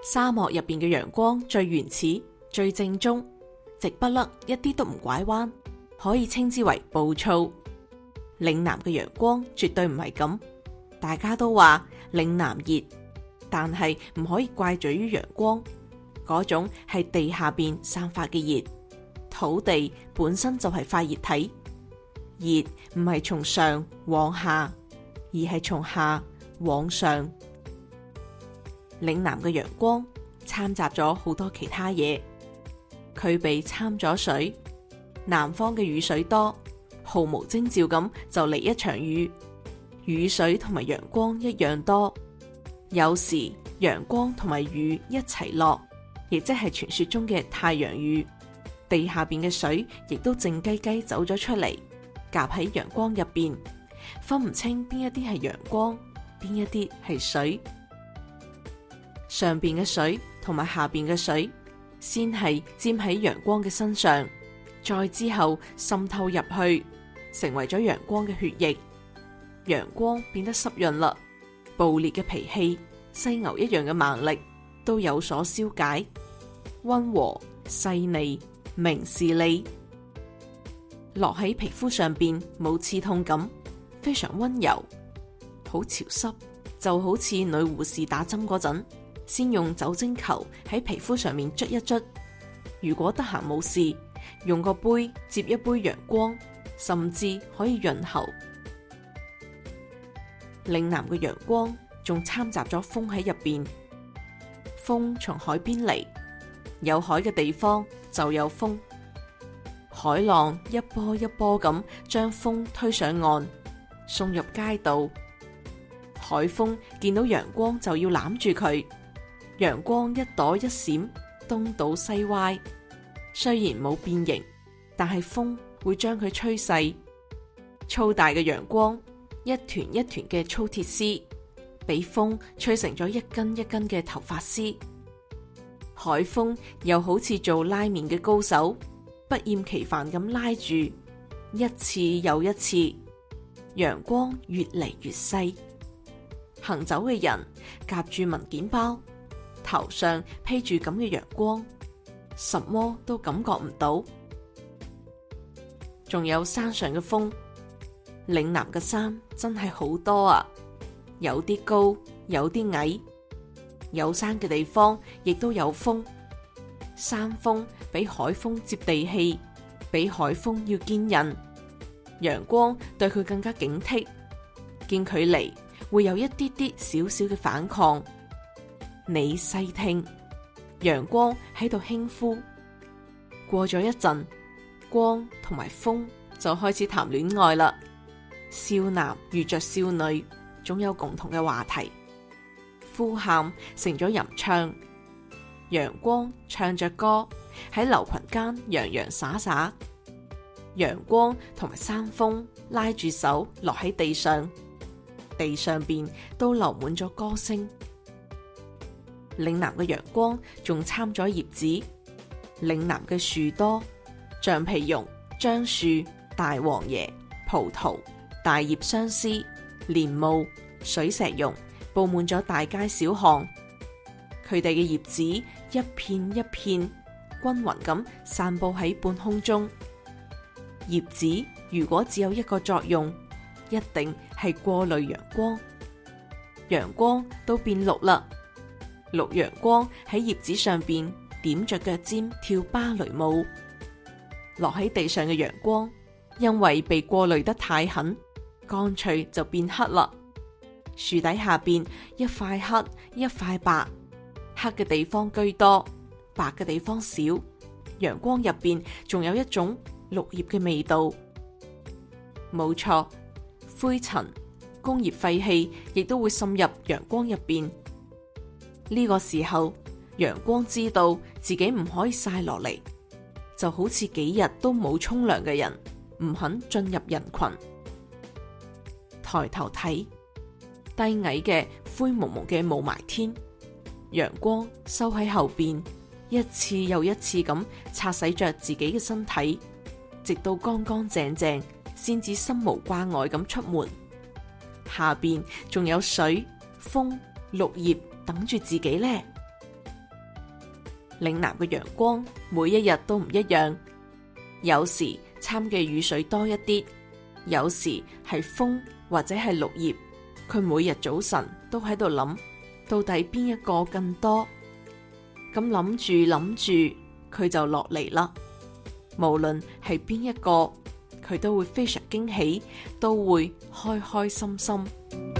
沙漠入邊嘅陽光最原始、最正宗，直不甩，一啲都唔拐彎，可以稱之為暴躁。嶺南嘅陽光絕對唔係咁，大家都話嶺南熱，但係唔可以怪罪於陽光，嗰種係地下邊散發嘅熱，土地本身就係發熱體，熱唔係從上往下，而係從下往上。嶺南嘅陽光摻雜咗好多其他嘢，佢被摻咗水。南方嘅雨水多，毫無徵兆咁就嚟一場雨，雨水同埋陽光一樣多。有時陽光同埋雨一齊落，亦即係傳說中嘅太陽雨。地下邊嘅水亦都靜雞雞走咗出嚟，夾喺陽光入邊，分唔清邊一啲係陽光，邊一啲係水。上邊嘅水同埋下邊嘅水，先係沾喺陽光嘅身上，再之後滲透入去，成為咗陽光嘅血液。陽光變得濕潤啦，暴烈嘅脾氣、犀牛一樣嘅猛力都有所消解，溫和細膩，明事利明事理，落喺皮膚上邊冇刺痛感，非常溫柔，好潮濕，就好似女護士打針嗰陣，先用酒精球喺皮膚上面捽一捽。如果得閒冇事，用個杯接一杯陽光，甚至可以潤喉。嶺南嘅陽光仲摻雜咗風喺入邊，風從海邊嚟，有海嘅地方就有風。海浪一波一波咁將風推上岸，送入街道。海風見到陽光就要攬住佢。陽光一朵一閃，東倒西歪。雖然冇變形，但係風會將佢吹細。粗大嘅陽光，一團一團嘅粗鐵絲，俾風吹成咗一根一根嘅頭髮絲。海風又好似做拉麵嘅高手，不厭其煩咁拉住，一次又一次，陽光越嚟越細。行走嘅人夾住文件包。頭上披住咁嘅陽光，什麼都感覺唔到。仲有山上嘅風，嶺南嘅山真係好多啊！有啲高，有啲矮，有山嘅地方亦都有風。山風比海風接地氣，比海風要堅韌。陽光對佢更加警惕，見佢嚟會有一啲啲小小嘅反抗。你細聽，陽光喺度輕呼。過咗一陣，光同埋風就開始談戀愛啦。少男遇着少女，總有共同嘅話題。呼喊成咗吟唱，陽光唱着歌喺樓群間洋洋灑灑。陽光同埋山風拉住手落喺地上，地上邊都流滿咗歌聲。嶺南嘅陽光仲摻咗葉子，嶺南嘅樹多，橡皮榕、樟樹、大王椰、葡萄、大葉相思、蓮霧、水石榕，布滿咗大街小巷。佢哋嘅葉子一片一片，均匀咁散布喺半空中。葉子如果只有一個作用，一定係過濾陽光，陽光都變綠啦。綠陽光喺葉子上邊點着腳尖跳芭蕾舞，落喺地上嘅陽光，因為被過濾得太狠，乾脆就變黑啦。樹底下邊一塊黑一塊白，黑嘅地方居多，白嘅地方少。陽光入邊仲有一種綠葉嘅味道，冇錯，灰塵、工業廢氣亦都會滲入陽光入邊。呢個時候，陽光知道自己唔可以曬落嚟，就好似幾日都冇沖涼嘅人，唔肯進入人群。抬頭睇，低矮嘅灰蒙蒙嘅霧霾天，陽光收喺後邊，一次又一次咁擦洗着自己嘅身體，直到乾乾淨淨，先至心無掛礙咁出門。下邊仲有水風。綠葉等住自己呢。嶺南嘅陽光每一日都唔一樣，有時摻嘅雨水多一啲，有時係風或者係綠葉，佢每日早晨都喺度諗，到底邊一個更多？咁諗住諗住，佢就落嚟啦。無論係邊一個，佢都會非常驚喜，都會開開心心。